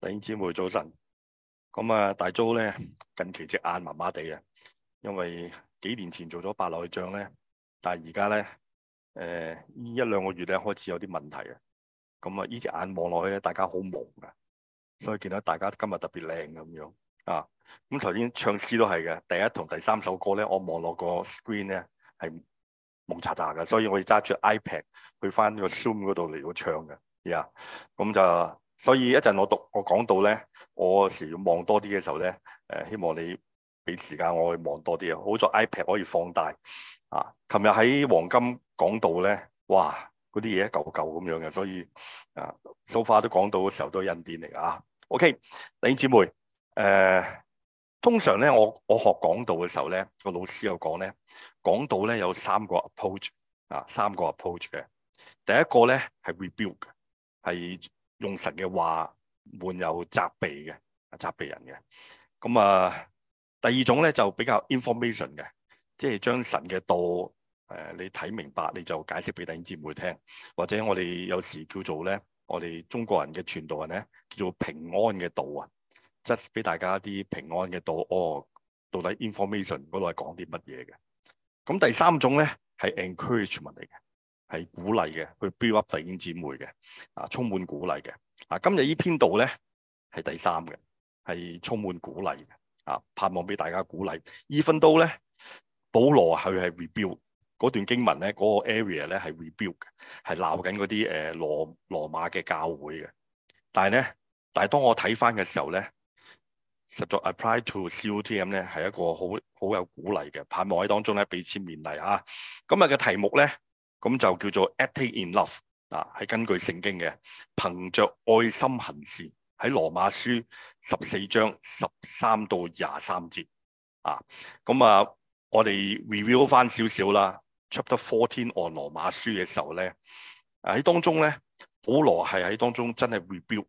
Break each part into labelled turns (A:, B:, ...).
A: 弟兄姐妹早晨，咁啊大租咧近期隻眼麻麻地啊，因為幾年前做咗白內障咧，但係而家咧誒一兩個月咧開始有啲問題啊，咁啊呢隻眼望落去咧大家好蒙噶，所以見到大家今日特別靚咁樣啊，咁頭先唱詩都係嘅，第一同第三首歌咧我望落個 screen 咧係蒙查查噶，所以我哋揸住 iPad 去翻個 Zoom 嗰度嚟到唱嘅，呀、yeah, 咁就。所以一陣我讀我講到咧，我有時要望多啲嘅時候咧，誒、呃、希望你俾時間我去望多啲啊。好在 iPad 可以放大啊。琴日喺黃金講道咧，哇嗰啲嘢一嚿嚿咁樣嘅，所以啊 so far 都講到嘅時候都係印點嚟㗎。OK，李姊妹誒、呃，通常咧我我學講道嘅時候咧，個老師有講咧，講道咧有三個 approach 啊，三個 approach 嘅。第一個咧係 rebuild 嘅，係。用神嘅話，換有責備嘅，啊責備人嘅。咁啊，第二種咧就比較 information 嘅，即係將神嘅道，呃、你睇明白你就解釋俾弟兄姊妹聽，或者我哋有時叫做咧，我哋中國人嘅傳道人咧叫做平安嘅道啊，即係俾大家啲平安嘅道。哦，到底 information 嗰度係講啲乜嘢嘅？咁第三種咧係 encouragement 嚟嘅。係鼓勵嘅，去 build up 弟兄姊妹嘅，啊，充滿鼓勵嘅。啊，今日呢篇道咧係第三嘅，係充滿鼓勵嘅。啊，盼望俾大家鼓勵。Even though 咧，保羅佢係 rebuild 嗰段經文咧，嗰個 area 咧係 rebuild 嘅，係鬧緊嗰啲誒羅羅馬嘅教會嘅。但係咧，但係當我睇翻嘅時候咧，實在 apply to COTM 咧係一個好好有鼓勵嘅，盼望喺當中咧俾啲勉勵啊。今日嘅題目咧。咁就叫做 acting in love 啊，係根據聖經嘅，憑著愛心行事。喺羅馬書十四章十三到廿三節啊，咁啊，我哋 review 翻少少啦，chapter fourteen 羅馬書嘅時候咧，喺當中咧，保羅係喺當中真係 reveal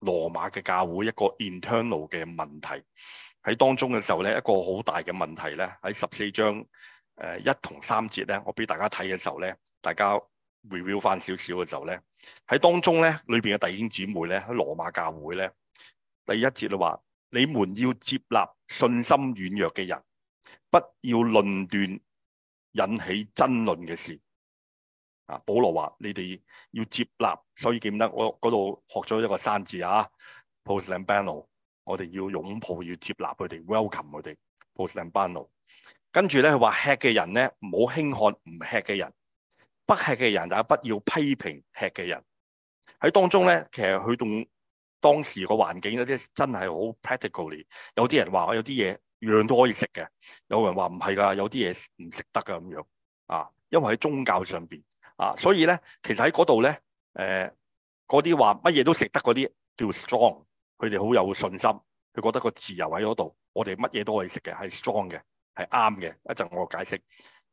A: 羅馬嘅教會一個 internal 嘅問題喺當中嘅時候咧，一個好大嘅問題咧喺十四章誒一同三節咧，我俾大家睇嘅時候咧。大家 review 翻少少嘅時候咧，喺當中咧裏邊嘅弟兄姊妹咧喺羅馬教會咧第一節就話，你們要接納信心軟弱嘅人，不要論斷引起爭論嘅事。啊，保羅話你哋要接納，所以記得我嗰度學咗一個生字啊，Proslambano，我哋要擁抱，要接納佢哋，welcome 佢哋，Proslambano。跟住咧佢話，吃嘅人咧唔好輕看唔吃嘅人。不吃嘅人就不要批評吃嘅人，喺當中咧，其實佢同當時個環境咧，即真係好 practically。有啲人話我有啲嘢樣都可以食嘅，有人話唔係噶，有啲嘢唔食得噶咁樣啊。因為喺宗教上面啊，所以咧其實喺嗰度咧，誒、呃，嗰啲話乜嘢都食得嗰啲叫 strong，佢哋好有信心，佢覺得個自由喺嗰度，我哋乜嘢都可以食嘅，係 strong 嘅，係啱嘅。一陣我解釋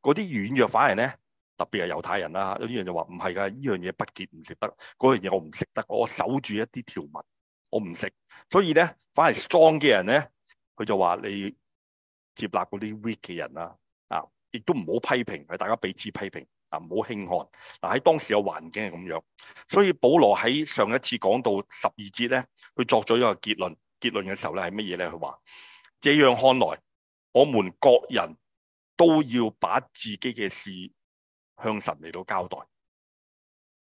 A: 嗰啲軟弱反而咧。特別係猶太人啦，呢啲人就話唔係噶，呢樣嘢，不潔唔食得，嗰樣嘢我唔食得，我守住一啲條文，我唔食。所以咧，反而 strong 嘅人咧，佢就話你接納嗰啲 weak 嘅人啦，啊，亦都唔好批評，係大家彼此批評，啊，唔好輕看。嗱、啊、喺當時嘅環境係咁樣，所以保羅喺上一次講到十二節咧，佢作咗一個結論，結論嘅時候咧係乜嘢咧？佢話這樣看來，我們各人都要把自己嘅事。向神嚟到交代，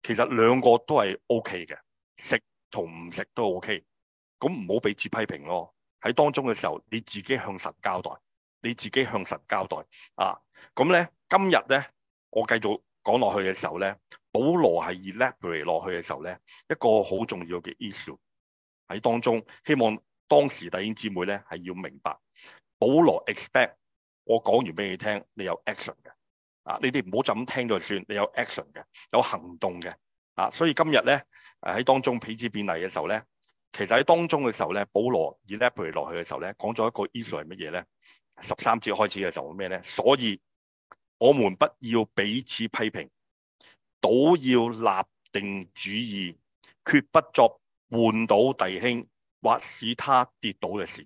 A: 其實兩個都係 O K 嘅，食同唔食都 OK。咁唔好彼此批評咯。喺當中嘅時候，你自己向神交代，你自己向神交代啊。咁咧，今日咧，我繼續講落去嘅時候咧，保羅係 elaborate 落去嘅時候咧，一個好重要嘅 issue 喺當中。希望當時弟兄姊妹咧係要明白，保羅 expect 我講完俾你聽，你有 action 嘅。啊！你哋唔好就咁聽就算，你有 action 嘅，有行動嘅。啊！所以今日咧，喺當中彼此便利嘅時候咧，其實喺當中嘅時候咧，保羅以拉普落去嘅時候咧，講咗一個 issue 係乜嘢咧？十三節開始嘅時候咩咧？所以我們不要彼此批評，倒要立定主意，決不作絆倒弟兄或使他跌倒嘅事。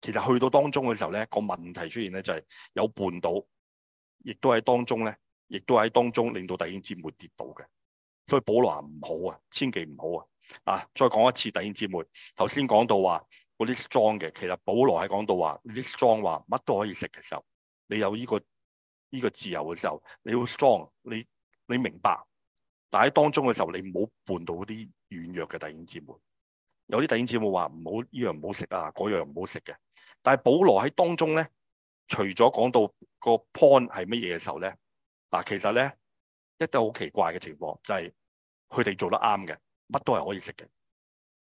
A: 其實去到當中嘅時候咧，個問題出現咧就係有絆倒。亦都喺當中咧，亦都喺當中令到弟兄姊妹跌倒嘅，所以保羅話唔好啊，千祈唔好啊！啊，再講一次，弟兄姊妹，頭先講到話嗰啲 strong 嘅，其實保羅喺講到話，你啲 strong 話乜都可以食嘅時候，你有呢個呢個自由嘅時候，你好 strong，你你明白。但喺當中嘅時候，你唔好絆到啲軟弱嘅弟兄姊妹。有啲弟兄姊妹話唔好呢樣唔好食啊，嗰樣唔好食嘅。但係保羅喺當中咧。除咗講到個 point 係乜嘢嘅時候咧，嗱，其實咧一啲好奇怪嘅情況，就係，就係佢哋做得啱嘅，乜都係可以食嘅，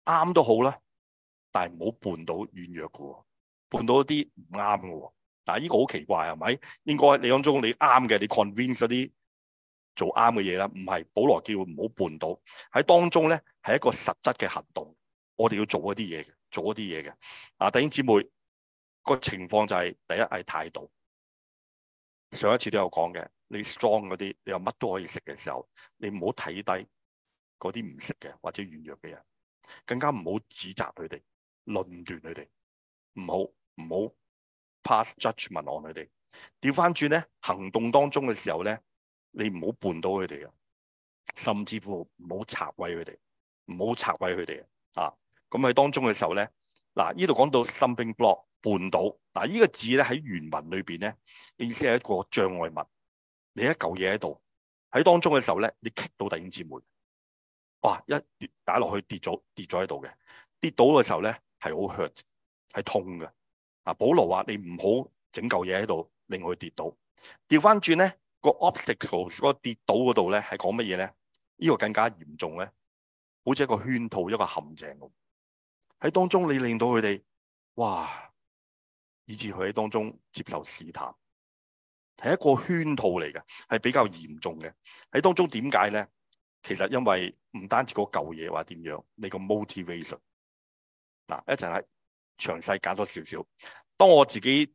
A: 啱都好啦，但係唔好絆倒軟弱嘅喎，絆倒一啲唔啱嘅喎。嗱，呢個好奇怪係咪？應該你講中你啱嘅，你 convince 嗰啲做啱嘅嘢啦，唔係保羅叫唔好絆倒喺當中咧，係一個實質嘅行動，我哋要做一啲嘢嘅，做一啲嘢嘅。啊，弟兄姊妹。個情況就係、是、第一係態度，上一次都有講嘅，你 strong 嗰啲，你又乜都可以食嘅時候，你唔好睇低嗰啲唔食嘅或者軟弱嘅人，更加唔好指責佢哋、論斷佢哋，唔好唔好 pass judgement on 佢哋。調翻轉咧，行動當中嘅時候咧，你唔好拌到佢哋啊，甚至乎唔好拆毀佢哋，唔好拆毀佢哋啊。咁喺當中嘅時候咧。嗱，呢度講到 something block 絆倒，嗱、這、呢個字咧喺原文裏面咧，意思係一個障礙物。你一嚿嘢喺度喺當中嘅時候咧，你踢到第五節門，哇一打跌打落去跌咗跌咗喺度嘅，跌倒嘅時候咧係好 hurt 係痛嘅。啊，保羅話你唔好整嚿嘢喺度令佢跌倒。調翻轉咧個 obstacles 嗰個跌倒嗰度咧係講乜嘢咧？呢、這個更加嚴重咧，好似一個圈套一個陷阱咁。喺當中，你令到佢哋，哇！以至佢喺當中接受試探，係一個圈套嚟嘅，係比較嚴重嘅。喺當中點解咧？其實因為唔單止嗰舊嘢話點樣，你個 motivation 嗱、啊、一陣係詳細揀多少少。當我自己，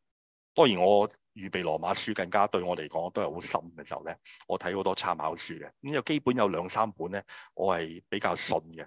A: 當然我預備羅馬書更加對我嚟講都係好深嘅時候咧，我睇好多參考書嘅，咁就基本有兩三本咧，我係比較信嘅。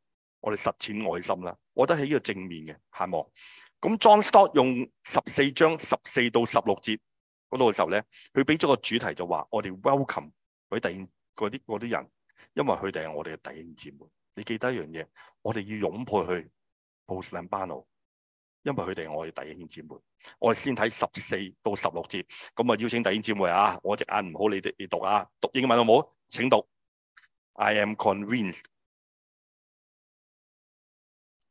A: 我哋實踐愛心啦，我覺得喺呢個正面嘅，下望，咁 John Stott 用十四章十四到十六節嗰度嘅時候咧，佢俾咗個主題就話：我哋 welcome 佢第嗰啲嗰啲人，因為佢哋係我哋嘅弟兄姊妹。你記得一樣嘢，我哋要擁抱佢 Poslambano 因為佢哋係我哋弟兄姊妹。我哋先睇十四到十六
B: 節，咁啊，邀請弟兄姊妹啊，我隻眼唔好你哋你讀啊，讀英文好唔好？請讀，I am convinced。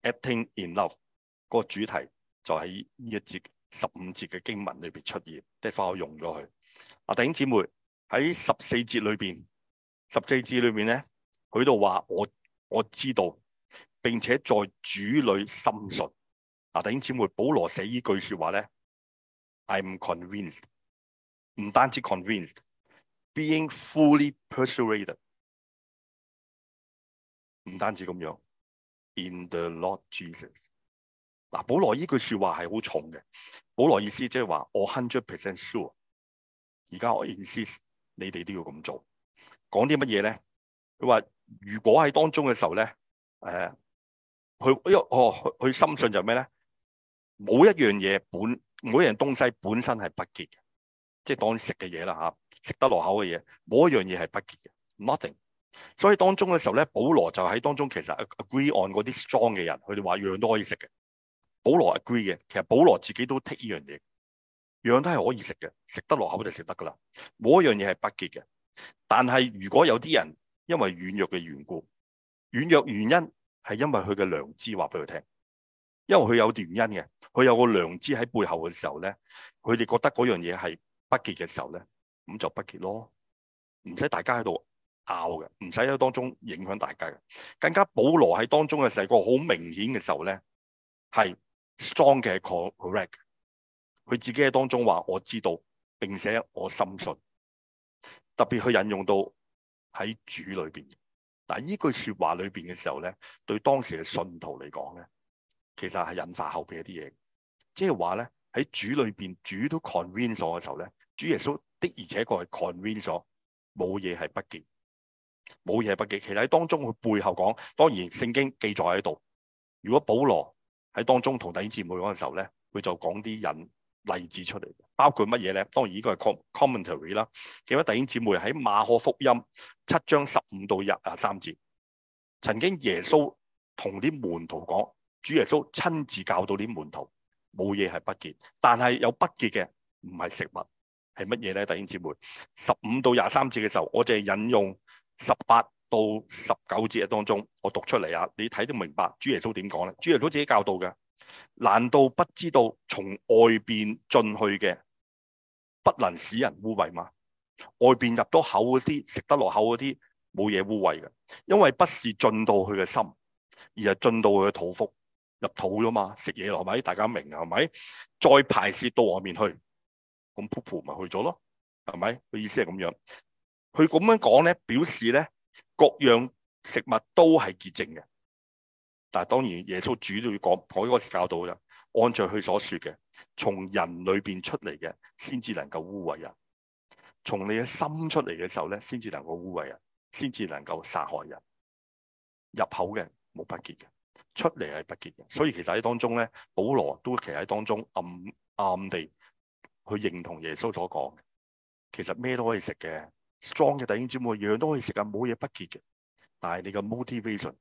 B: 《Acting in Love》嗰個主題就喺呢一節十五節嘅經文裏
A: 面出現，即係我用咗佢。啊，弟兄姊妹喺十四節裏面，十四節裏面咧，佢度話我我知道並且在主裏深信。啊，弟兄姊妹，保羅寫依句說話咧，I'm
B: convinced，唔單止 convinced，being fully persuaded，唔單止咁樣。In the Lord Jesus，嗱，保羅呢句說話係好重嘅。保羅意思即係話，我
A: hundred percent sure。而家我 insist，你哋都要咁做。講啲乜嘢咧？佢話如果喺當中嘅時候咧，誒、啊，佢因為哦，佢深信就係咩咧？冇一樣嘢本，冇一樣東西本身係不潔嘅，即係當食嘅嘢啦吓，食得落口嘅嘢，冇一樣嘢係不潔嘅，nothing。所以當中嘅時候咧，保羅就喺當中，其實 agree 按嗰啲 strong 嘅人，佢哋話樣都可以食嘅。保羅 agree 嘅，其實保羅自己都 take 呢樣嘢，樣都係可以食嘅，食得落口就食得噶啦。冇一樣嘢係不潔嘅。但係如果有啲人因為軟弱嘅緣故，軟弱原因係因為佢嘅良知話俾佢聽，因為佢有原因嘅，佢有個良知喺背後嘅時候咧，佢哋覺得嗰樣嘢係不潔嘅時候咧，咁就不潔咯，唔使大家喺度。拗嘅，唔使喺當中影響大家嘅。更加保羅喺當中嘅時個好明顯嘅時候咧，係 strong 嘅 converge 佢自己喺當中話我知道，並且我深信。特別去引用到喺主裏邊。嗱呢句說話裏邊嘅時候咧，對當時嘅信徒嚟講咧，其實係引發後邊一啲嘢。即係話咧喺主裏邊，主都 convinced 嘅時候咧，主耶穌的而且確係 convince 咗，冇嘢係不見冇嘢不潔，其實喺當中佢背後講，當然聖經記載喺度。如果保羅喺當中同弟兄姊妹嗰陣時候咧，佢就講啲引例子出嚟，包括乜嘢咧？當然呢個係 commentary 啦。各位弟兄姊妹喺馬可福音七章十五到廿啊三節，曾經耶穌同啲門徒講，主耶穌親自教到啲門徒冇嘢係不潔，但係有不潔嘅，唔係食物，係乜嘢咧？弟兄姊妹，十五到廿三節嘅時候，我淨係引用。十八到十九節日當中，我讀出嚟啊！你睇都明白，主耶穌點講咧？主耶穌自己教導嘅，難道不知道從外邊進去嘅不能使人污穢嘛？外邊入到口嗰啲，食得落口嗰啲，冇嘢污穢嘅，因為不是進到佢嘅心，而係進到佢嘅肚腹入肚㗎嘛？食嘢落咪，大家明係咪？再排泄到外面去，咁噗噗咪去咗咯，係咪？佢意思係咁樣。佢咁樣講咧，表示咧，各樣食物都係潔淨嘅。但係當然，耶穌主都要講，我嗰時教導嘅，按照佢所說嘅，從人裏邊出嚟嘅，先至能夠污穢人；從你嘅心出嚟嘅時候咧，先至能夠污穢人，先至能夠殺害人。入口嘅冇不潔嘅，出嚟係不潔嘅。所以其實喺當中咧，保羅都其實喺當中暗暗地去認同耶穌所講嘅。其實咩都可以食嘅。裝嘅弟兄姊妹，樣樣都可以食緊，冇嘢不潔嘅。但係你嘅 motivation，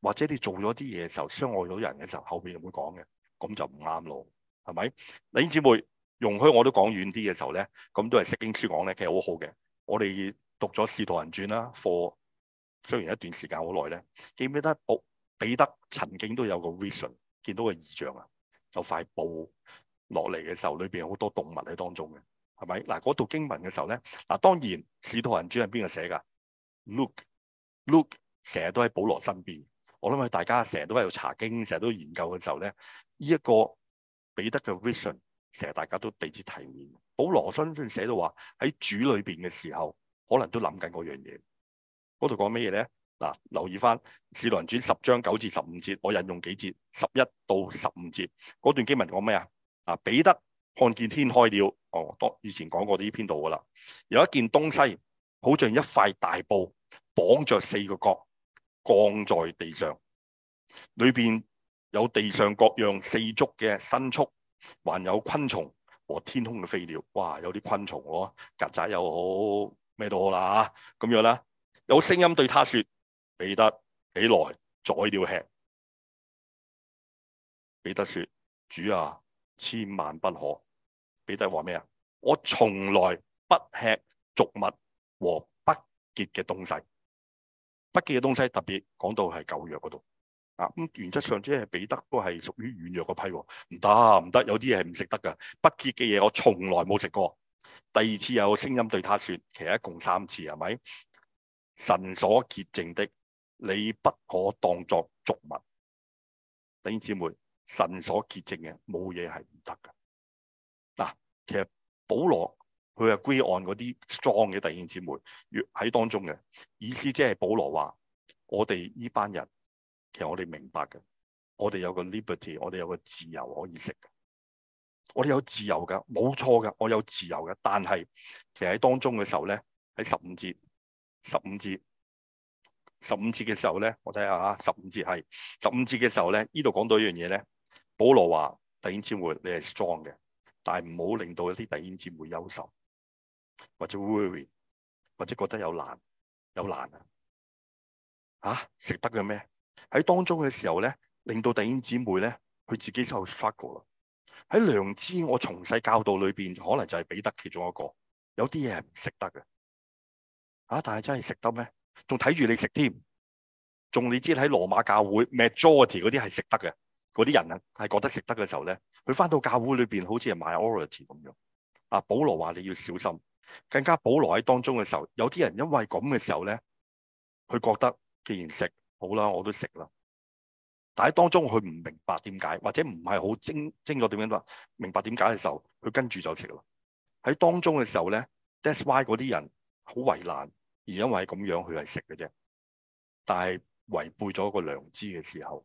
A: 或者你做咗啲嘢嘅時候傷害咗人嘅時候，後邊會講嘅，咁就唔啱咯，係咪？弟兄姊妹，容許我都講遠啲嘅時候咧，咁都係聖經書講咧，其實好好嘅。我哋讀咗《使徒行傳》啦課，For, 雖然一段時間好耐咧，記唔記得？我、哦、彼得曾經都有個 vision，見到個異象啊，有塊布落嚟嘅時候，裏邊有好多動物喺當中嘅。.係咪嗱？嗰段經文嘅時候咧，嗱，當然使徒行傳係邊個寫噶？Luke，Luke 成日都喺保羅身邊。我諗喺大家成日都喺度查經，成日都研究嘅時候咧，呢、這、一個彼得嘅 vision，成日大家都避之提面。保羅身先寫到話喺主裏邊嘅時候，可能都諗緊嗰樣嘢。嗰度講咩嘢咧？嗱，留意翻使徒行傳十章九至十五節，我引用幾節十一到十五節嗰段經文講咩啊？啊，彼得看見天開了。哦，當以前講過呢篇度噶啦，有一件東西，好像一塊大布，綁着四個角，降在地上，裏邊有地上各樣四足嘅牲畜，還有昆蟲和天空嘅飛鳥。哇，有啲昆蟲喎、啊，曱甴又好咩都好啦嚇、啊，咁樣啦，
B: 有聲音對他説：彼得起來宰了吃！彼得説：主啊，千萬不可。彼得話咩啊？我從來不吃俗物和不潔嘅東
A: 西，不潔嘅東西特別講到係舊約嗰度啊。咁、嗯、原則上即係彼得都係屬於軟弱嗰批，唔得唔得，有啲嘢係唔食得噶。不潔嘅嘢我從來冇食過。第二次有聲音對他說，其實一共三次係咪？神所潔淨的，你不可當作俗物。弟兄姊妹，神所潔淨嘅冇嘢係唔得噶。其實保羅佢係歸按嗰啲 strong 嘅弟兄姊妹喺當中嘅意思，即係保羅話我哋呢班人，其實我哋明白嘅，我哋有個 liberty，我哋有個自由可以食嘅，我哋有自由噶，冇錯噶，我有自由嘅。但係其實喺當中嘅時候咧，喺十五節、十五節、十五節嘅時候咧，我睇下啊，十五節係十五節嘅時候咧，呢度講到一樣嘢咧，保羅話弟兄姊妹你係 strong 嘅。但係唔好令到一啲弟兄姊妹憂愁，或者 worry，或者覺得有難有難啊！吓、啊、食得嘅咩？喺當中嘅時候咧，令到弟兄姊妹咧，佢自己就發覺啦。喺良知我從細教導裏邊，可能就係彼得其中一個，有啲嘢係唔食得嘅。啊！但係真係食得咩？仲睇住你食添，仲你知喺羅馬教會 majority 嗰啲係食得嘅。嗰啲人啊，係覺得食得嘅時候咧，佢翻到教會裏面，好似係 majority 咁樣。啊，保羅話你要小心。更加保羅喺當中嘅時候，有啲人因為咁嘅時候咧，佢覺得既然食好啦，我都食啦。但喺當中佢唔明白點解，或者唔係好精精咗點樣都話明白點解嘅時候，佢跟住就食啦。喺當中嘅時候咧，that's why 嗰啲人好為難，而因為咁樣佢係食嘅啫。但係違背咗個良知嘅時候。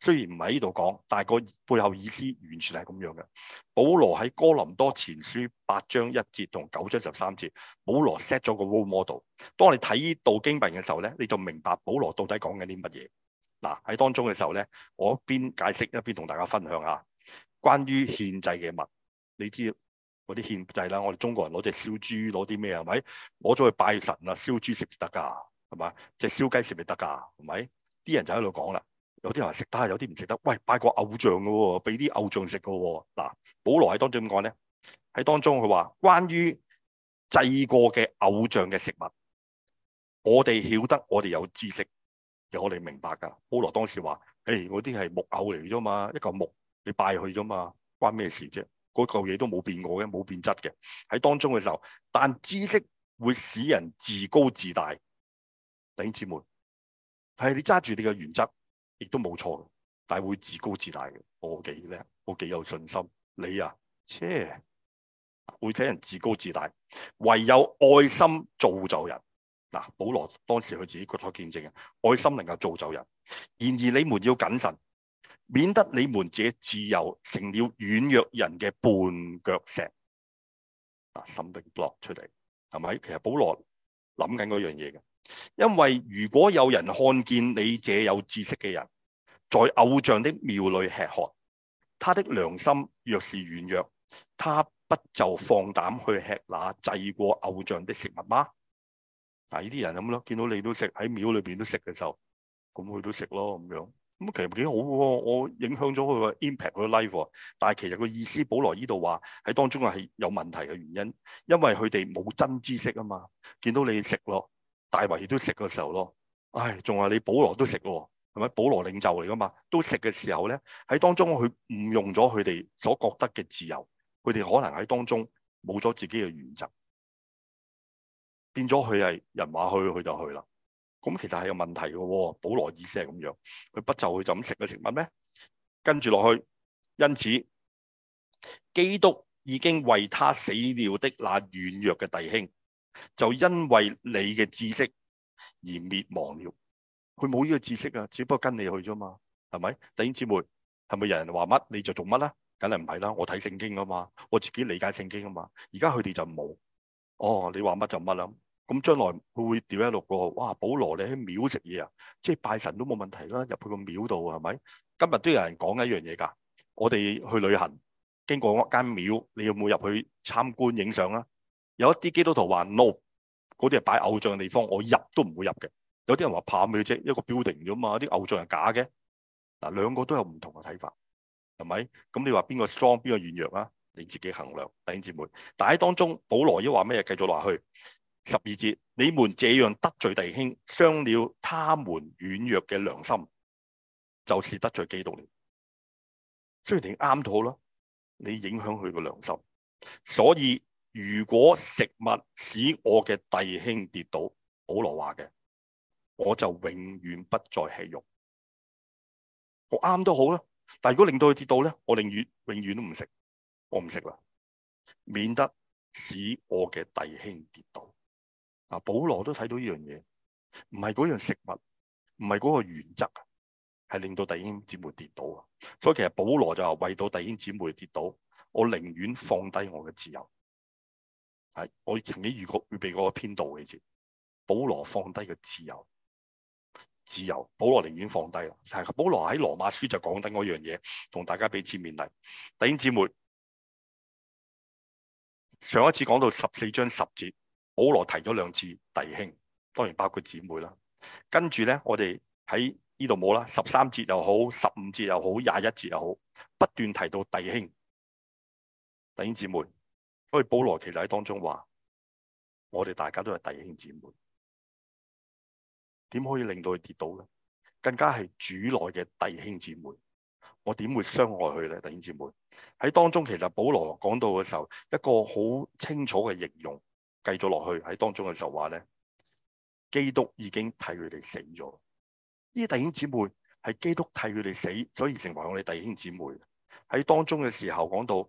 A: 雖然唔喺呢度講，但係個背後意思完全係咁樣嘅。保羅喺哥林多前書八章一節同九章十三節，保羅 set 咗個 role model。當我哋睇呢道經文嘅時候咧，你就明白保羅到底講緊啲乜嘢。嗱、啊、喺當中嘅時候咧，我一邊解釋一邊同大家分享下關於獻祭嘅物。你知嗰啲獻祭啦，我哋中國人攞隻燒豬攞啲咩啊？係咪攞咗去拜神啦？燒豬食咪得噶，係嘛？隻燒雞食咪得噶，係咪？啲人就喺度講啦。有啲人話食得，有啲唔食得。喂，拜過偶像嘅，俾啲偶像食嘅嗱。保羅喺當中點講咧？喺當中佢話關於祭過嘅偶像嘅食物，我哋曉得我哋有知識，有我哋明白噶。保羅當時話：誒，嗰啲係木偶嚟咋嘛？一個木你拜去咋嘛？關咩事啫？嗰嚿嘢都冇變過嘅，冇變質嘅。喺當中嘅時候，但知識會使人自高自大。弟兄姊妹，係你揸住你嘅原則。亦都冇錯，但係會自高自大嘅。我幾叻，我幾有信心。你啊，切會睇人自高自大。唯有愛心造就人。嗱，保羅當時佢自己個咗見證嘅，愛心能夠造就人。然而你們要謹慎，免得你們自己自由成了軟弱人嘅絆腳石。啊，心靈博出嚟，係咪？其實保羅諗緊嗰樣嘢嘅。因為如果有人看見你這有知識嘅人，在偶像的廟裏吃喝，他的良心若是軟弱，他不就放膽去吃那祭過偶像的食物嗎？嗱，呢啲人咁咯，見到你都食喺廟裏邊都食嘅時候，咁佢都食咯咁樣，咁其實幾好、啊，我影響咗佢個 impact 佢 life，、啊、但係其實個意思，保羅呢度話喺當中係有問題嘅原因，因為佢哋冇真知識啊嘛，見到你食咯。大衛亦都食嘅時候咯，唉、哎，仲係你保羅都食喎，係咪？保羅領袖嚟噶嘛，都食嘅時候咧，喺當中佢誤用咗佢哋所覺得嘅自由，佢哋可能喺當中冇咗自己嘅原則，變咗佢係人話去，佢就去啦。咁其實係有問題喎。保羅意思係咁樣，佢不就佢就咁食嘅食物咩？跟住落去，因此基督已經為他死了的那軟弱嘅弟兄。就因為你嘅知識而滅亡了，佢冇呢個知識啊，只不過跟你去咋嘛，係咪？弟兄姊妹，係咪有人話乜你就做乜啦？梗係唔係啦，我睇聖經噶嘛，我自己理解聖經噶嘛。而家佢哋就冇，哦，你話乜就乜啦。咁將來佢會掉一六個，哇！保羅你喺廟食嘢啊，即係拜神都冇問題啦，入去個廟度係咪？今日都有人講一樣嘢噶，我哋去旅行經過間廟，你有冇入去參觀影相啊？有一啲基督徒話 no，嗰啲係擺偶像嘅地方，我入都唔會入嘅。有啲人話怕咩啫？一個 building 啫嘛，啲偶像係假嘅。嗱，兩個都有唔同嘅睇法，係咪？咁你話邊個 strong 邊個軟弱啊？你自己衡量，弟兄姊妹。但喺當中，保羅亦話咩嘢？繼續落去十二節，你們這樣得罪弟兄，傷了他們軟弱嘅良心，就是得罪基督了。雖然你啱到好啦，你影響佢個良心，所以。如果食物使我嘅弟兄跌倒，保羅話嘅，
B: 我就永遠不再吃肉。我啱都好啦，但係如果令到佢跌倒咧，我寧願永遠都唔食，我唔食啦，免得
A: 使我嘅弟兄跌倒啊。保羅都睇到呢樣嘢，唔係嗰樣食物，唔係嗰個原則啊，係令到弟兄姊妹跌倒啊。所以其實保羅就話為到弟兄姊妹跌倒，我寧願放低我嘅自由。係，我曾經預過預備過,預備過個編導嘅字。保羅放低個自由，自由。保羅寧願放低啦。係，保羅喺羅馬書就講緊嗰樣嘢，同大家俾正面例。弟兄姊妹，上一次講到十四章十節，保羅提咗兩次弟兄，當然包括姊妹啦。跟住咧，我哋喺呢度冇啦。十三節又好，十五節又好，廿
B: 一節又好，不斷提到弟兄。弟兄姊妹。所以保羅其實喺當中話：我哋大家都係弟兄姊妹，點可以令到佢跌倒咧？更加係主內嘅弟兄姊妹，
A: 我點會傷害佢咧？弟兄姊妹喺當中其實保羅講到嘅時候，一個好清楚嘅形容，繼續落去喺當中嘅時候話咧：基督已經替佢哋死咗，呢啲弟兄姊妹係基督替佢哋死，所以成為我哋弟兄姊妹。喺當中嘅時候講到。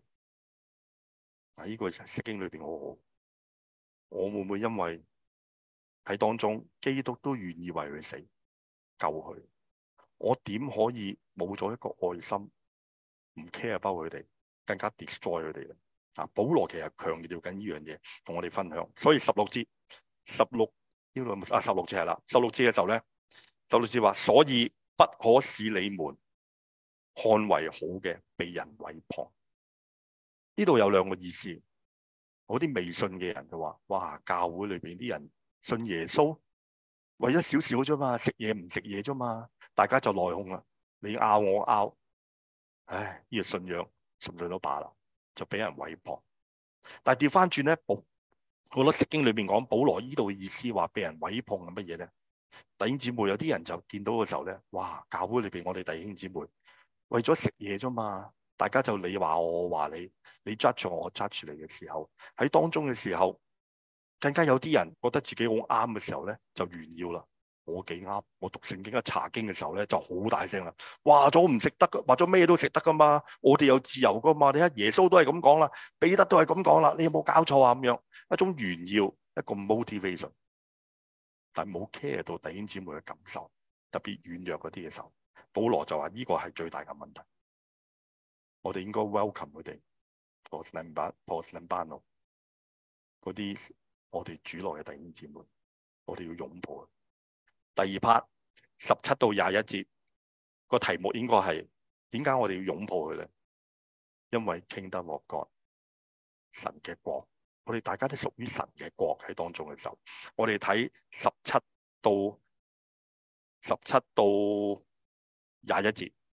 B: 喺、這、呢個《石經》裏邊，我我會唔會因為喺當中，基督都願意為佢死救
A: 佢，我點可以冇咗一個愛心，唔 care about 佢哋，更加 destroy 佢哋咧？啊，保羅其實強調緊呢樣嘢，同我哋分享。所以十六節，十六呢六啊，十六節係啦，十六節嘅時候咧，十六節話：所以不可使你們看為好嘅被人毀謗。呢度有兩個意思，嗰啲未信嘅人就話：哇，教會裏邊啲人信耶穌，為咗少少啫嘛，食嘢唔食嘢啫嘛，大家就內訌啦，你拗我拗，唉，呢個信仰純粹都罷啦，就俾人毀謗。但係調翻轉咧，保，我諗《聖經》裏邊講保羅呢度嘅意思，話俾人毀謗嘅乜嘢咧？弟兄姊妹，有啲人就見到嘅時候咧，哇，教會裏邊我哋弟兄姊妹為咗食嘢啫嘛。大家就你話我話你，你 judge 我，我 judge 你嘅時候，喺當中嘅時候，更加有啲人覺得自己好啱嘅時候咧，就炫耀啦。我幾啱，我讀聖經啊查經嘅時候咧就好大聲啦，話咗唔食得，話咗咩都食得噶嘛。我哋有自由噶嘛？你睇耶穌都係咁講啦，彼得都係咁講啦。你有冇搞錯啊？咁樣一種炫耀，一個 motivation，但係冇 care 到弟兄姊妹嘅感受，特別軟弱嗰啲嘅時候，保羅就話呢個係最大嘅問題。我哋應該 welcome 佢哋，proslambano、proslambano 咯嗰啲我哋主內嘅弟兄姊妹，我哋要擁抱佢哋。第二 part 十七到廿一節個題目應該係點解我哋要擁抱佢咧？因為 Kingdom of God 神嘅國，我哋大家都屬於神嘅國喺當中嘅時候，我哋睇十七到十七
B: 到廿一節。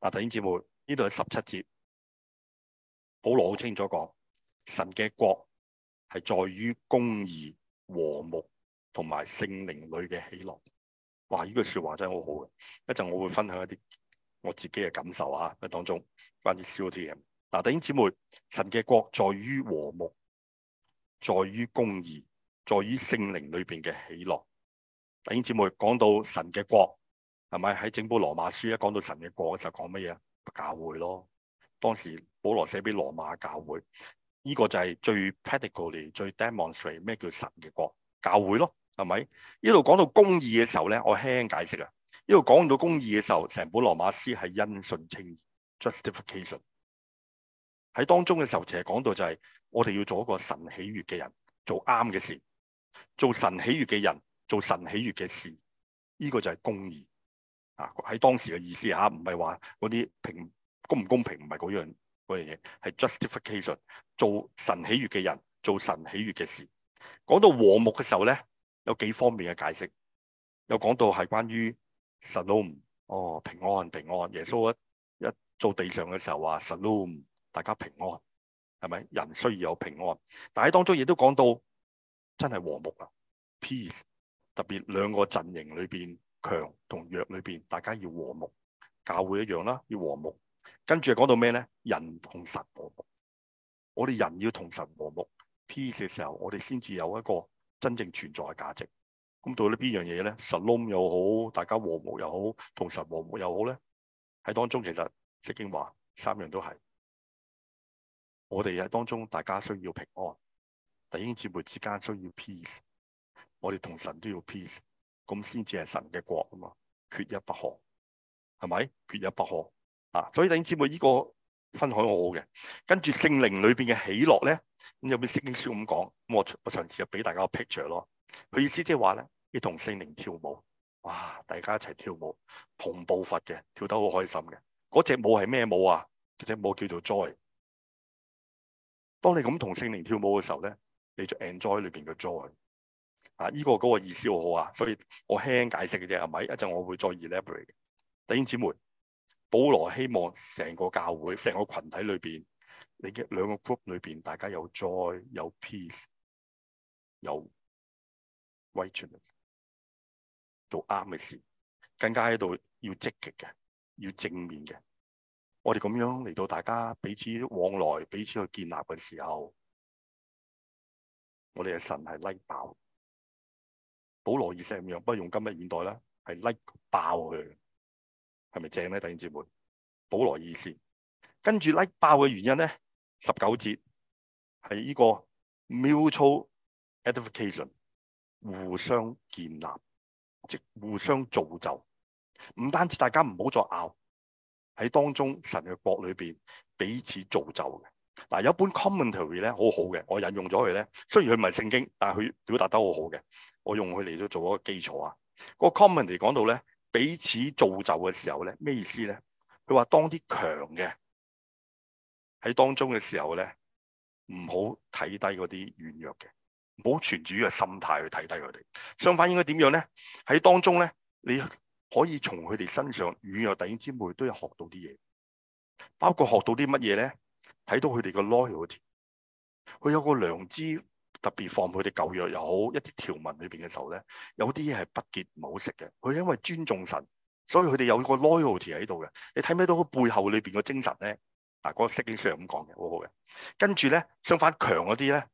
B: 啊，弟兄姊妹，呢度係十七節，保羅好清楚講，神嘅國係在於公義和、和睦同埋聖靈裏嘅喜樂。哇，
A: 呢句說話真係好好嘅，一陣我會分享一啲我自己嘅感受啊。喺當中關於 COTM。嗱，弟兄姊妹，神嘅國在於和睦，在於公義，在於聖靈裏邊嘅喜樂。弟兄姊妹，講到神嘅國。係咪喺整本羅馬書一講到神嘅國就講乜嘢教會咯？當時保羅寫俾羅馬教會，呢、這個就係最 p e d i g r l y 最 demonstrate 咩叫神嘅國教會咯？係咪？呢度講到公義嘅時候咧，我輕，輕解釋啊。呢度講到公義嘅時候，成本羅馬書係因信稱義 （justification）。喺當中嘅時候，其實講到就係、是、我哋要做一個神喜悦嘅人，做啱嘅事，做神喜悦嘅人，做神喜悦嘅事，呢、這個就係公義。喺當時嘅意思下，唔係話嗰啲平公唔公平，唔係嗰樣嗰樣嘢，係 justification，做神喜悅嘅人，做神喜悅嘅事。講到和睦嘅時候咧，有幾方面嘅解釋，有講到係關於 shalom 哦，平安，平安，耶穌一,一做地上嘅時候話 shalom 大家平安，係咪？人需要有平安，但係當中亦都講到真係和睦啊，peace，特別兩個陣營裏面。強同弱裏邊，大家要和睦；教會一樣啦，要和睦。跟住講到咩咧？人同神和睦。我哋人要同神和睦，peace 嘅時候，我哋先至有一個真正存在嘅價值。咁到呢邊樣嘢咧？Shalom 又好，大家和睦又好，同神和睦又好咧。喺當中其實，釋經話三樣都係。我哋喺當中，大家需要平安；弟兄姊妹之間需要 peace；我哋同神都要 peace。咁先至係神嘅國啊嘛，缺一不可，係咪？缺一不可啊！所以弟兄姊妹呢依個分享我嘅。跟住聖靈裏邊嘅喜樂咧，咁有咩聖經書咁講？我我上次就俾大家一個 picture 咯。佢意思即係話咧，你同聖靈跳舞，哇！大家一齊跳舞，同步伐嘅，跳得好開心嘅。嗰隻舞係咩舞啊？嗰隻舞叫做 joy。當你咁同聖靈跳舞嘅時候咧，你就 enjoy 裏邊嘅 joy。啊！依、這個嗰、那個意思好好啊，所以我輕輕解釋嘅啫，係咪？一陣我會再 elaborate。弟兄姊妹，保羅希望成個教會、成
B: 個群體裏邊，你嘅兩個 group 裏邊，大家有 joy 有 peace、有 righteousness，做啱嘅事，更加喺度要積極嘅、要正面嘅。我哋咁樣嚟到大家彼此往來、彼此去建立嘅時候，我哋嘅神係 like 爆。保羅意思咁樣，不過用今日現代啦，係 e、
A: like、爆佢，係咪正咧？弟兄姊妹，保羅意思跟住 like 爆嘅原因咧，十九節係呢個 mutual edification，互相建立，即是互相造就。唔單止大家唔好再拗，喺當中神嘅國裏邊彼此造就嘅。嗱，有一本 commentary 咧，好好嘅，我引用咗佢咧。雖然佢唔係聖經，但係佢表達得好好嘅。我用佢嚟做做一個基礎啊。個 commentary 講到咧，彼此造就嘅時候咧，咩意思咧？佢話當啲強嘅喺當中嘅時候咧，唔好睇低嗰啲軟弱嘅，唔好存住呢個心態去睇低佢哋。相反應該點樣咧？喺當中咧，你可以從佢哋身上軟弱的弟兄姊妹都有學到啲嘢，包括學到啲乜嘢咧？睇到佢哋嘅 loyalty，佢有個良知，特別放佢哋舊約又好一啲條文裏邊嘅時候咧，有啲嘢係不潔唔好食嘅。佢因為尊重神，所以佢哋有個 loyalty 喺度嘅。你睇唔睇到佢背後裏邊個精神咧，啊、那個，嗰個 scripture 咁講嘅，好好嘅。跟住咧，相反強嗰啲咧，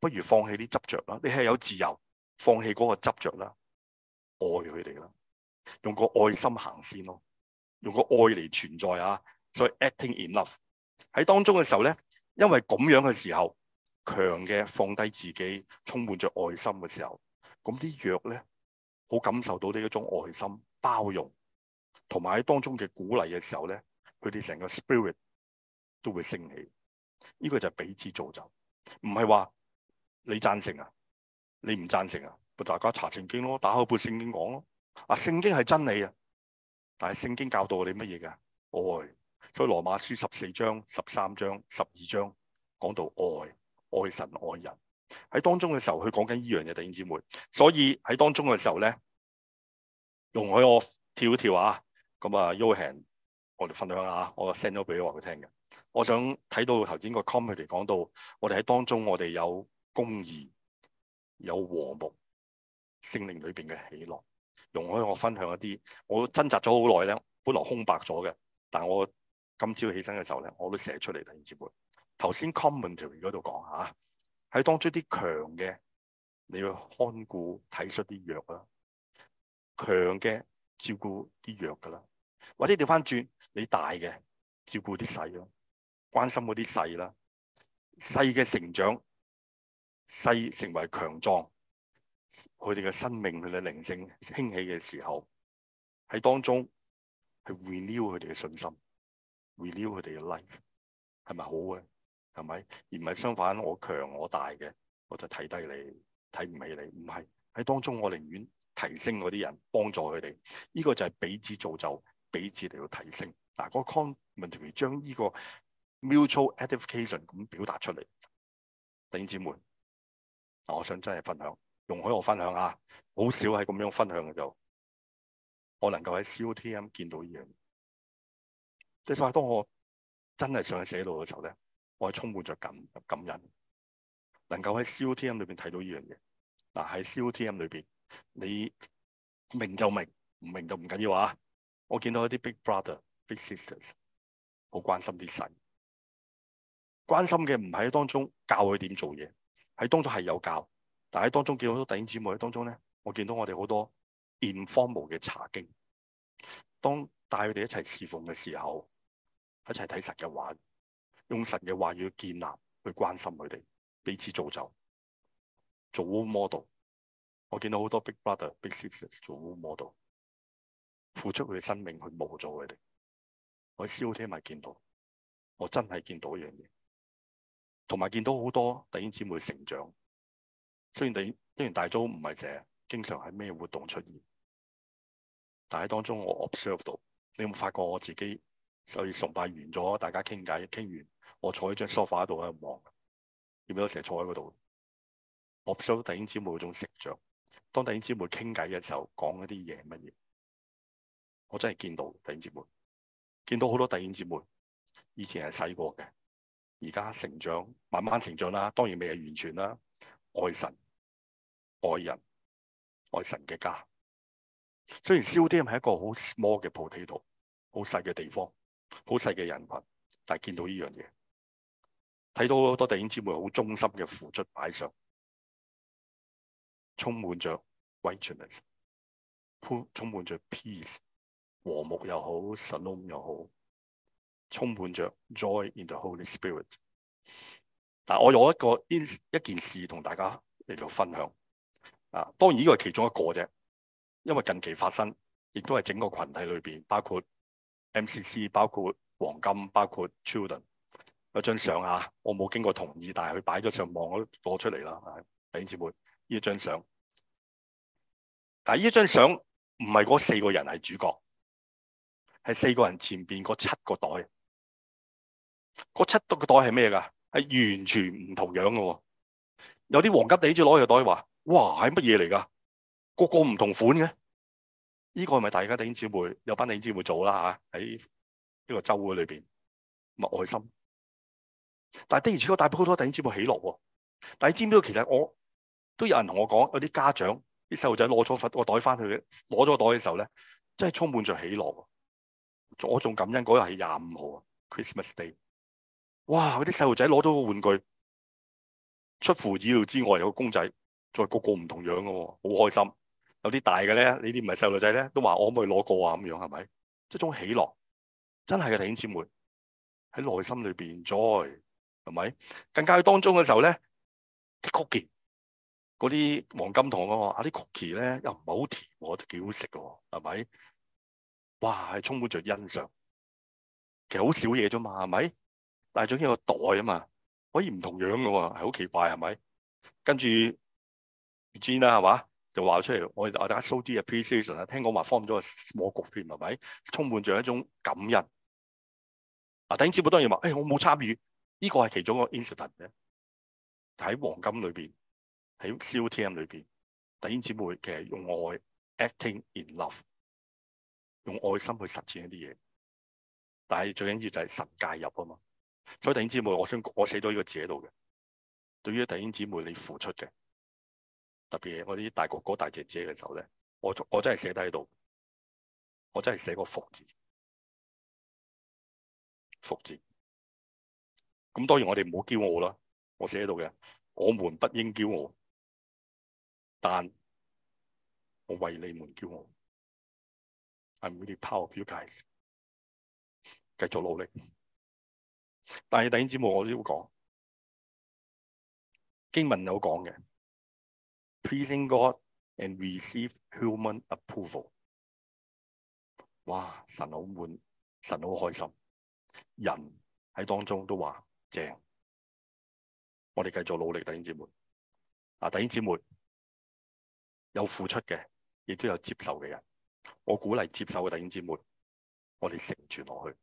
A: 不如放棄啲執着啦。你係有自由，放棄嗰個執著啦，愛佢哋啦，用個愛心行先咯，用個愛嚟存在啊。所以 acting enough。喺當中嘅時候咧，因為咁樣嘅時候，強嘅放低自己，充滿着愛心嘅時候，咁啲弱咧，好感受到呢一種愛心包容，同埋喺當中嘅鼓勵嘅時候咧，佢哋成個 spirit 都會升起。呢個就係彼此造就，唔係話你贊成啊，你唔贊成啊，大家查聖經咯，打開本聖經講咯。啊，聖經係真理啊，但係聖經教導我哋乜嘢噶？愛。哎所以羅馬書十四章、十三章、十二章講到愛、愛神、愛人喺當中嘅時候，佢講緊呢樣嘢，弟兄姊妹。所以喺當中嘅時候咧，容許我跳一跳啊，咁啊，Yohan，我哋分享下，我 send 咗俾佢聽嘅。我想睇到頭先個 comment 講到，我哋喺當中我哋有公義、有和睦、聖靈裏邊嘅喜樂。容許我分享一啲，我掙扎咗好耐咧，本來空白咗嘅，但我。今朝起身嘅時候咧，我都寫出嚟第二節目。頭先 commentary 嗰度講吓，喺當中啲強嘅你要看顧睇出啲弱啦，強嘅照顧啲弱噶啦，或者調翻轉你大嘅照顧啲細啦，關心嗰啲細啦，細嘅成長，細成為強壯，佢哋嘅生命、佢哋嘅靈性興起嘅時候，喺當中去 renew 佢哋嘅信心。r e v e a 佢哋嘅 life 係咪好嘅？係咪？而唔係相反，我強我大嘅，我就睇低你，睇唔起你。唔係喺當中，我寧願提升嗰啲人，幫助佢哋。呢、這個就係彼此造就，彼此嚟到提升。嗱，嗰個 con t 係特別將呢個
B: mutual edification 咁表達出嚟，弟兄姊妹，我想真係分享，容許我分享啊！好少係咁樣分享嘅，就我能夠喺 COTM 見到呢樣。即係話，當我真係
A: 上去寫路嘅時候咧，我係充滿着感感恩，能夠喺 COTM 裏邊睇到呢樣嘢。嗱，喺 COTM 裏邊，你明就明，唔明就唔緊要啊！我見到一啲 Big Brother、Big Sisters 好關心啲細，關心嘅唔喺當中教佢點做嘢，喺當中係有教，但喺當中見到好多弟兄姊妹喺當中咧，我見到我哋好多 informal 嘅查經，當帶佢哋一齊侍奉嘅時候。一齊睇神嘅話，用神嘅話去建立，去關心佢哋，彼此造就，
B: 做 model。我見到好多 big brother big sister，big sisters 做 model，付出佢嘅生命去模造佢哋。我喺 COT 咪見到，我真係見到一樣嘢，同埋見到好多弟兄姊妹成長。雖然弟兄，雖然大組唔係成，經常喺咩活動出現，
A: 但係當中我 observe 到，你有冇發覺我自己？所以崇拜完咗，大家傾偈，傾完我坐喺張 sofa 度咧，望點解成日坐喺嗰度。我 feel 到弟兄姊妹嗰種成長，當弟兄姊妹傾偈嘅時候，講一啲嘢乜嘢，我真係見到弟兄姊妹，見到好多弟兄姊妹以前係細
B: 個嘅，而家成長，慢慢成長啦，當然未係完全啦。愛神、愛人、愛神嘅家，雖然燒啲
A: 咁係一個好 small 嘅 potato，好細嘅地方。好細嘅人群，但係見到
B: 呢樣嘢，睇到好多弟兄姊妹好忠心嘅付出擺上，充滿着 righteousness，充滿着 peace，和睦又好，Salome 又好，充滿着 joy
A: in the Holy Spirit。嗱，我有一個一一件事同大家嚟到分享啊，當然呢個係其中一個啫，因為近期發生，亦都係整個群體裏邊包括。MCC 包括黃金，包括 Children 有張相啊，我冇經過同意，但係佢擺咗上網攞出嚟啦。啊，第二
B: 節呢張相，但係呢張相唔係嗰四個人係主角，係四個人前邊嗰七個袋，
A: 嗰七個袋係咩噶？係完全唔同樣嘅，有啲黃金地主攞住袋話，哇，係乜嘢嚟噶？個個唔同款嘅。依、這個咪大家頂姊妹有一班頂姊妹做啦嚇，喺呢個週會裏邊，咪愛心。但的而且確大部分好多頂姊妹喜樂喎、哦。但係知唔知道，其實我都有人同我講，有啲家長啲細路仔攞咗個袋翻去，攞咗個袋嘅時候咧，真係充滿著喜樂。我仲感恩嗰日係廿五號，Christmas Day。哇！嗰啲細路仔攞到個玩具，出乎意料之外，有個公仔再係個個唔同樣嘅，好開心。有啲大嘅咧，呢啲唔係細路仔咧，都話我可唔可以
B: 攞過啊？咁樣係咪？即係種喜樂，真係嘅弟兄姊妹喺內心裏邊 joy 係咪？更加喺當中嘅時候咧，啲曲奇，
A: 嗰啲黃金糖啊嘛，啊啲曲奇咧又唔係好甜，我覺得幾好食嘅喎，係咪？哇，係充滿著欣賞，其實好少嘢咋嘛，係咪？但係總之有個袋啊嘛，可以唔同樣嘅喎，係好奇怪係咪？跟住見啦，係嘛？就話出嚟，我哋大家 show 啲嘅 appreciation 啊，聽講話 form 咗個魔局，片係咪？充滿住一種感恩。啊，弟兄姊妹當然話，哎、欸，我冇參與，呢個係其中一個 incident 嘅。喺黃金裏面，喺 COTM 裏面，弟兄姊妹其實用愛 acting in love，用愛心去實踐一啲嘢。但係最緊要就係實介入啊嘛。所以弟兄姊妹，我想我寫咗呢個字喺度嘅，對於弟兄姊妹你付出嘅。
B: 特別我啲大哥哥大姐姐嘅時候咧，我我真係寫低喺度，我真係寫個服字，服字。咁當然我哋唔好驕傲啦，我寫喺度嘅，我們不應驕傲，但我為你們驕傲。I'm really proud of you guys。繼續努力。但係弟兄姊妹，我都要講，經文有講嘅。Pleasing God and receive human approval. 哇，神好滿，神好開心。人喺當中都話正，我哋繼續努力，弟兄姊妹。啊，弟兄姊妹有付出嘅，亦都有接受嘅人。我鼓勵接受嘅弟兄姊妹，我哋承傳落去。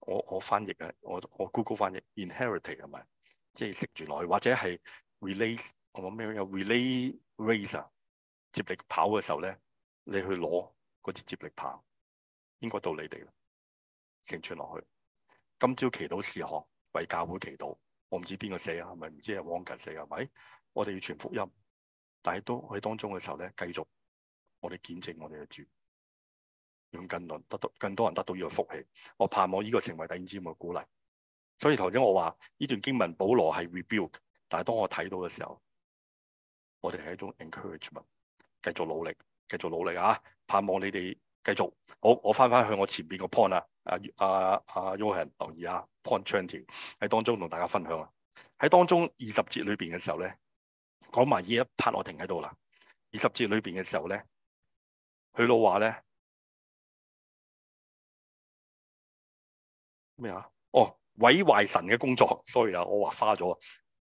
B: 我我翻譯啊，
A: 我我 Google 翻譯 inherited 係咪？即係承傳落去，或者係 release。我諗咩有 relay racer 接力跑嘅時候咧，你去攞嗰支接力棒應該到你哋啦，成全落去。今朝祈禱事項為教會祈禱，我唔知邊個寫啊，係咪唔知係 Wongken 寫係咪？我哋要傳福音，但係都喺當中嘅時候咧，繼續我哋見證我哋嘅主，用更多得到更多人得到呢個福氣。我盼望呢個成為第二姊妹嘅鼓勵，所以頭先我話呢段經文保羅係 rebuke，但係當我睇到嘅時候。我哋係一種 encouragement，繼續努力，繼續努力啊！盼望你哋繼續好。我翻翻去我前面個 point 啊，阿阿阿 Yohan 留意啊，point chanting，喺當中同大家分享啊。喺當中二十節裏邊嘅時候咧，
B: 講埋呢一 part 我停喺度啦。二十節裏邊嘅時候咧，佢老話咧咩啊？哦，毀壞神嘅工作。sorry 啊，我話花咗。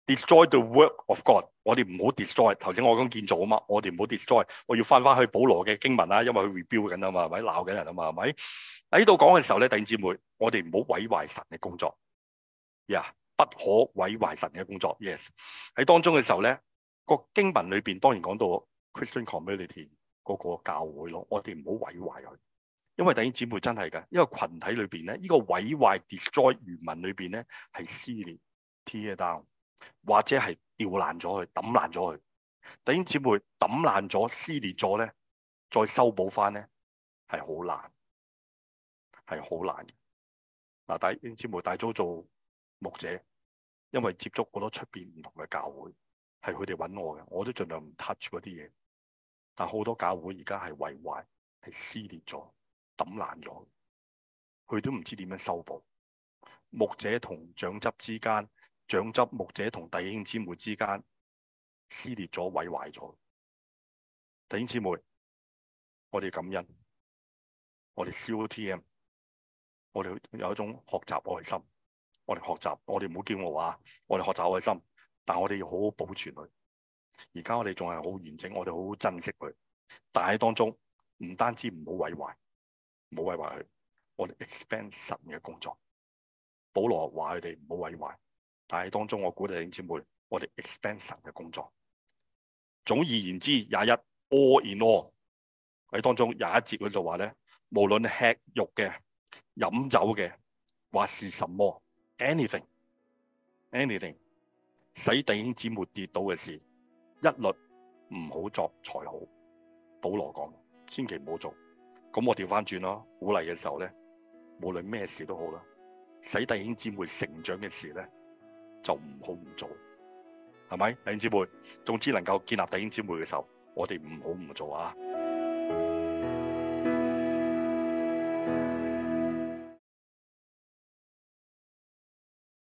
B: Destroy the work of God，我哋唔
A: 好 destroy。頭先我講建造啊嘛，我哋唔好 destroy。我要翻翻去保羅嘅經文啦，因為佢 rebuild 緊啊嘛，係咪鬧緊人啊嘛，係咪？喺呢度講嘅時候咧，弟兄姊妹，我哋唔好毀壞神嘅工作。呀、yeah，不可毀壞神嘅工作。Yes，喺當中嘅時候咧，個經文裏邊當然講到 Christian community 嗰個教會咯，我哋唔好毀壞佢，因為弟兄姊妹真係㗎，一個群體裏邊咧，呢、這個毀壞 destroy 原文裏邊咧係撕裂 tear down。或者係掉爛咗去抌爛咗佢。弟兄姊妹，抌爛咗、撕裂咗咧，再修補翻咧
B: 係好難，係好難。嗱，弟兄姊妹，大都做牧者，因為接觸好多出邊唔同嘅教會，係佢哋揾
A: 我嘅，我都盡量唔 touch 嗰啲嘢。但好多教會而家係毀壞，係撕裂咗、抌爛咗，佢都唔知點樣修補。
B: 牧
A: 者同長執之間。長執牧者同弟兄姊妹之間
B: 撕裂咗、毀壞咗。弟兄姊妹，我哋感恩，我哋 COTM，我哋有一種學習愛心，
A: 我哋學習，我哋唔好驕傲啊！我哋學習愛心，但我哋要好好保存佢。而家我哋仲係好完整，我哋好好珍惜佢。但係當中唔單止唔好毀壞，唔好毀壞佢。我哋 expand 神嘅工作。保羅話佢哋唔好毀壞。但係當中，我估弟兄姊妹，我哋 expansion 嘅工作。總而言之，廿一 all in all 喺當中廿一節佢就話咧，無論吃肉嘅、飲酒嘅或是什麼 anything anything 使弟兄姊妹跌倒嘅事，一律唔好作才好。保羅講，千祈唔好做。咁我調翻轉咯，鼓勵嘅時候咧，無論咩事都好啦，使弟兄姊妹成長嘅事咧。就唔好唔做，係咪弟兄姊妹？總之能夠建立弟兄姊妹嘅時候，我哋唔好唔做啊！